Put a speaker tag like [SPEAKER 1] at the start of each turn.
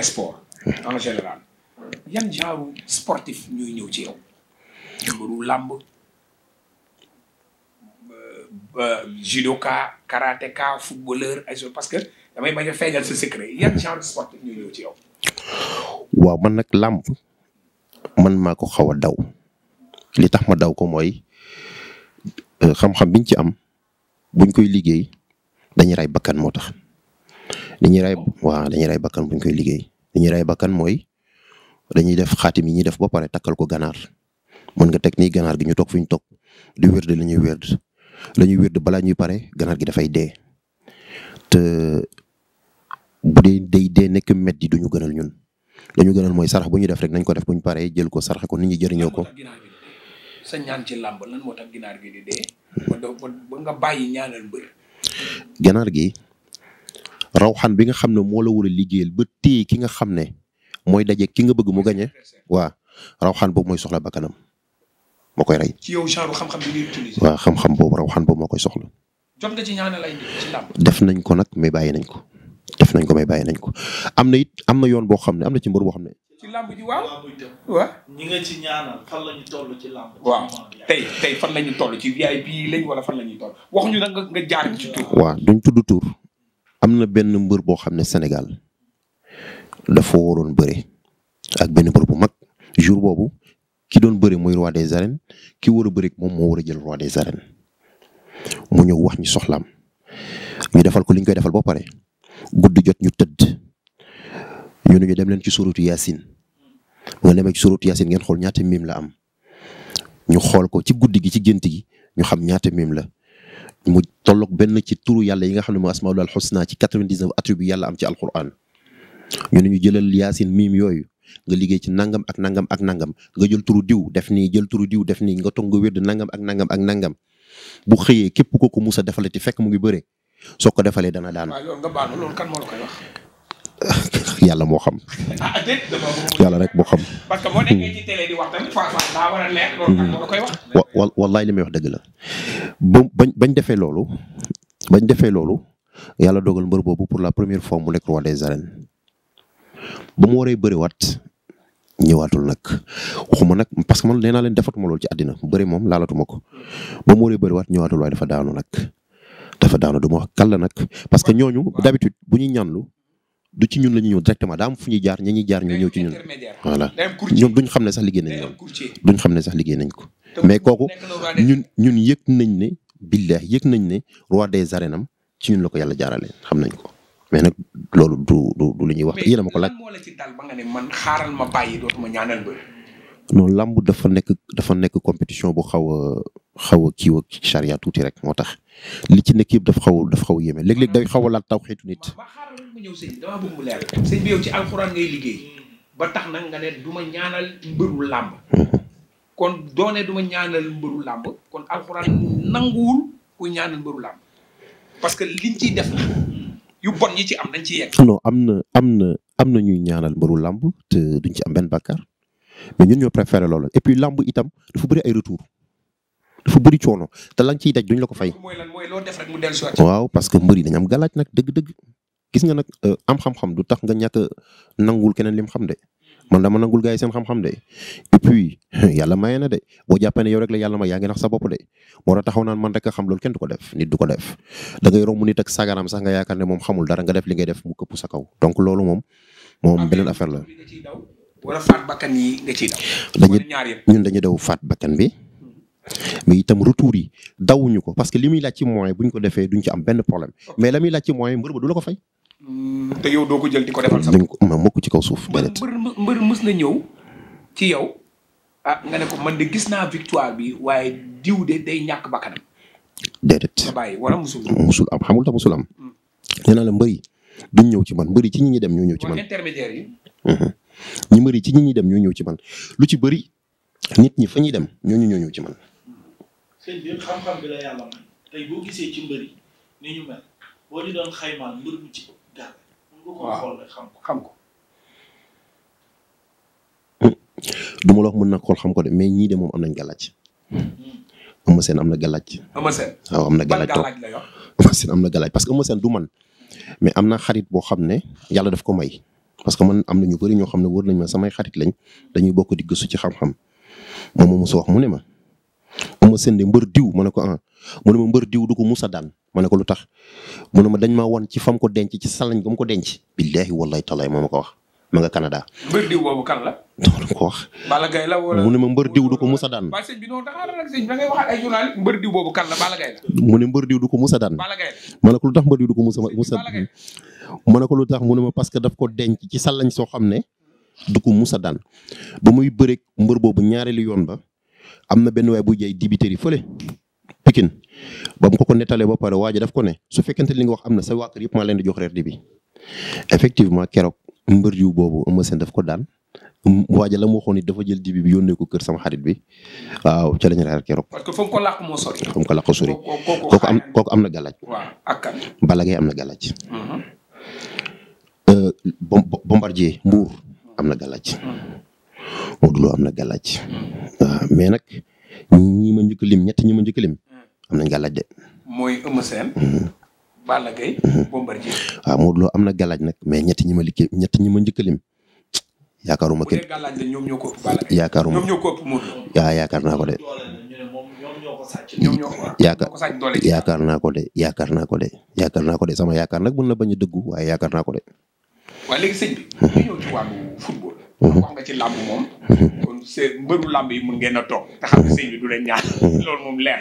[SPEAKER 1] sport en général yan genre sportif ñuy ñëw ci yow mbaru làmb judoka karatéka footballeur parce que damay bañ a feeñal yan genre sportif
[SPEAKER 2] waaw man nag làmb man maa ko xaw a daw li tax ma daw ko mooy euh, xam-xam biñ ci am buñ koy liggéey dañu rey bakkan moo tax dañuy rey waaw dañuy rey bakkan buñ koy liggéey dañuy rey bakkan mooy dañuy def xaatim yi ñuy def ba pare takkal ko ganaar mën nga tek ni ganaar gi ñu toog fi ñu toog di wérd lañuy ñuy lañuy la ñuy wérd balaa ñuy pare ganaar gi dafay dee te bu dee day dee nekk met yi duñu gënal ñun dañu gënal mooy sarax bu ñu def rek nañ ko def bu ñu paree jël ko saraxe ko nit ñi jëriñoo ko. sa ganaar gi. rawxaan bi nga xam ne moo la a liggéeyal ba téye ki nga xam ne mooy daje ki nga bëgg mu gañe waaw rawxaan boobu mooy soxla bakkanam moo koy rey. ci yow genre xam-xam bi ngay utiliser. waaw xam-xam moo koy soxla. def nañ ko nag mais bàyyi nañ ko def nañ ko mais bàyyi nañ ko am na it am na yoon boo xam ne am na ci mbër boo xam ne. ci làmb ji waaw
[SPEAKER 1] waaw. tey tey fan la ñu ci VIP waxuñu nag nga jaar ci
[SPEAKER 2] tur. waaw duñ tudd tur. am na benn mbër boo xam ne Sénégal dafa waroon bëre ak benn mbër bu mag jour boobu ki doon bëre mooy roi des arènes ki war a bëre moom moo war a jël roi des arènes mu ñëw wax ñu soxlaam ñu defal ko liñ koy defal ba pare guddi jot ñu tëdd ñu ne ñu dem leen ci suratu Yaasin nga demee ci suratu Yaasin ngeen xool ñaata miim la am ñu xool ko ci guddi gi ci gént gi ñu xam ñaata miim la. mu tollook benn ci turu yàlla yi nga xam ne mooy asmaul alxusna ci 99 attribut yàlla am ci alquran ñu ne ñu jëlal yaasin miim yooyu nga liggéey ci nangam ak nangam ak nangam nga jël turu diw def nii jël turu diw def nii nga toog nga wér ak nangam ak nangam bu xëyee képp koo ko musa defalati fekk mu ngi bëre soo ko defalee dana daan.
[SPEAKER 1] waaw loolu
[SPEAKER 2] yàlla moo xam. yàlla rek moo xam. parce mm-hmm. wa wallaay li may wax dëgg la ba bañ bañ defee loolu bañ defee loolu yàlla dogal mbër boobu pour la première fois mu nekk roi des arènes ba mu waree bëriwaat ñëwaatul nag waxuma nag parce que man nee naa leen defatuma loolu ci àddina bëri moom laalatuma ko ba mu waree bëriwaat ñëwaatul waaye dafa daanu nag dafa daanu du ma nag parce ñooñu d'habitude bu ñuy ñaanlu. du ci ñun la ñu ñëw directement daa fu ñuy jaar ñu ñuy jaar ñoo ñëw ci ñun voilà ñoom duñ xam ne sax liggéey nañ ñoom duñ xam ne sax liggéey nañ ko mais kooku ñun ñun yëg nañ ne billaah yëg nañ ne roi des arènes am ci ñun la ko yàlla jaarale xam nañ ko mais nag loolu du lu ñuy wax yéen ma ko laaj. non làmb dafa nekk dafa nekk compétition bu xaw a xaw a kiiwa charia tuuti rek moo tax li ci nekk yëpp dafa xaw dafa xaw a yéeme léeg day xaw a laal taw xeetu nit.
[SPEAKER 1] ñëw sëñ dama bëgg bi yow ci alxuraan ngay liggéey ba tax nag nga ne du ñaanal mbëru làmb kon doone du ma ñaanal mbëru làmb kon alxuraan nanguwul ku ñaanal parce que liñ ciy def na yu bon yi ci am nañ ci
[SPEAKER 2] yegg. non am na am na am na ñuy ñaanal mbëru làmb te duñ ci am benn bàkkaar mais ñun ñoo préféré loolu et puis làmb itam dafa bëri ay retour dafa bëri coono te lañ ciy daj duñ la ko fay. mooy lan waaw parce que mbër yi dañ am galaaj nag dëgg-dëgg. gis nga nag euh, am xam-xam du tax nga ñàkk nangul keneen lim xam de man dama nangul gars yi seen xam-xam de et puis yàlla maye na de boo jàppee ne yow rek la yàlla may yaa ngi nax sa bopp de moo tax taxaw man rek xam loolu kenn du ko def nit du ko def da ngay romb nit ak sagaram sax nga yaakaar ne moom xamul dara nga def li ngay def mu këpp sa kaw donc loolu moom moom beneen affaire la.
[SPEAKER 1] wala faat bakkan yi nga ciy daw.
[SPEAKER 2] dañuy ñun dañuy daw faat bakkan bi. mais itam retour yi dawuñu ko parce que li muy moyen bu ko defee benn problème mais la muy laaj du la ko fay. te yow doo ko jël di ko defal sax. dañ ko ma mokk ci kaw suuf. déedéet
[SPEAKER 1] mbër mbër mës na ñëw ci yow ah nga ne ko man de gis naa victoire bi waaye diw de day ñàkk bakkanam.
[SPEAKER 2] déedéet nga bàyyi wala musul. musul am xamul tax musul am. Mm. nee naa la mbër yi duñ ñëw ci man mbër yi ci ñi ñi dem ñoo ñëw ci man.
[SPEAKER 1] intermédiaire yi.
[SPEAKER 2] Mm-hmm. ñi mbër yi ci ñi ñi dem ñoo ñëw ci man lu ci bëri nit ñi fa ñuy dem ñooñu ñoo ñëw ci man.
[SPEAKER 1] sëñ bi xam-xam bi la yàlla may tey boo gisee ci mbër yi ni ñu mel boo ñu doon xaymaa mbër mu ci waaw xam ko.
[SPEAKER 2] du ma la wax mën na ko xam ko de mais ñii de moom am nañ gàllaaj. Hmm. Eumeu seen am na gàllaaj. Eumeu
[SPEAKER 1] Sène am na gàllaaj toog
[SPEAKER 2] Eumeu Sène am na parce que Eumeu Sène du man mais am na xarit boo xam ne yàlla def ko may. parce que man am na ñu bëri ñoo xam ne wër nañ ma samay xarit lañ dañuy bokk di gëstu ci xam-xam moom moo mos wax mu ne ma ama mbër diw ma ko ah ma mbër diw du ko musa daan ma ne ko lu tax mu ne ma dañ ma won ci fam ko denc ci salañ ba mu ko denc billaahi wallahi talaay ko wax ma nga Canada. mbër diw ko wax. mu ma mbër diw du ko musa daan.
[SPEAKER 1] waaye mbër diw boobu
[SPEAKER 2] mu ne mbër diw du ko ma ne ko lu tax mbër ko musa musa ma ne ko mu ma parce que daf ko denc ci salañ soo xam ne du ko musa daan ba muy bëreeg mbër boobu ñaareelu yoon ba am na benn waay bu jaay dibiteri fële fo ba mu ko ko nettalee ba pare waaja ji daf ko ne su fekkente li nga wax am na sa waa kër yëpp maa leen di jox reer di bi effectivement keroog mbër yu boobu Eumeu Sène daf ko daan waaja la mu waxoon ni dafa jël dibi bi yónnee ko kër sama xarit bi waaw ca lañ reer keroog. parce que fa mu ko làq moo ko am kooku am na galaaj. waaw ak kan. am na galaaj. Mhm. Euh, Bombardier Mbour am na galaaj. Mhm. Modou am na galaaj waaw ah, mais nag ñi ma njëkk ñett ñi ma njëkk hmm. am nañ gàllaaj de.
[SPEAKER 1] mooy Eumeu Sène. Hmm. Hmm.
[SPEAKER 2] Ah, am na gàllaaj nak mais ñett ñi ma liggéey ñett ñi ma njëkk lim yaakaaruma kenn. bu dee
[SPEAKER 1] gàllaaj la ko ëpp Balla ah, yaakaar naa de. yaakaar
[SPEAKER 2] yaakaar naa ko de yaakaar naa ko de yaakaar naa ko de sama yaakaar nag mën na bañ a dëggu waaye yaakaar naa ko de.
[SPEAKER 1] Mm-hmm. wax nga ci làmb moom. Mm-hmm. kon seen mbëru làmb yi mun ngeen a toog. te xam ne sëñ bi du leen ñaan. Mm-hmm. loolu moom leer